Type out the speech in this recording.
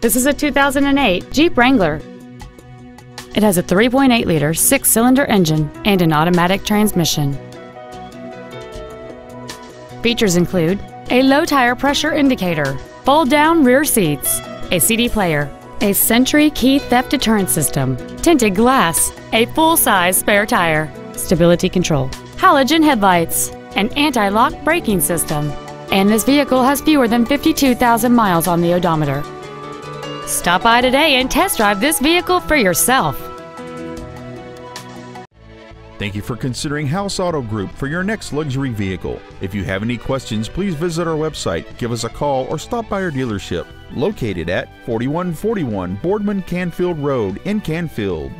This is a 2008 Jeep Wrangler. It has a 3.8-liter six-cylinder engine and an automatic transmission. Features include a low-tire pressure indicator, fold-down rear seats, a CD player, a Sentry key theft deterrent system, tinted glass, a full-size spare tire, stability control, halogen headlights, an anti-lock braking system, and this vehicle has fewer than 52,000 miles on the odometer. Stop by today and test drive this vehicle for yourself. Thank you for considering House Auto Group for your next luxury vehicle. If you have any questions, please visit our website, give us a call, or stop by our dealership located at 4141 Boardman Canfield Road in Canfield.